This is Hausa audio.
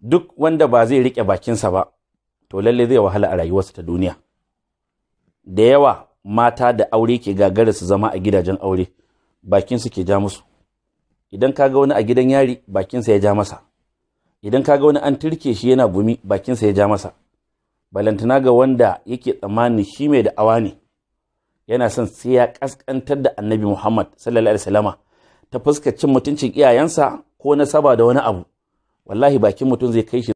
duk wanda ba zai riƙe bakinsa ba to lalle zai wahala a rayuwarsa ta duniya da yawa mata da aure ke gagara su zama a gidajen aure bakinsu ke ja musu idan kaga wani a gidan yari bakinsa ya ja masa idan kaga wani an turke shi yana gumi bakinsa ya ja masa balantana ga wanda yake tsammanin shi mai da awa ne yana son sai ya ƙasƙantar da annabi muhammad sallallahu alaihi wasallama ta fuskar cin mutuncin iyayensa ko na saba da wani abu wallahi bakin mutum zai kai shi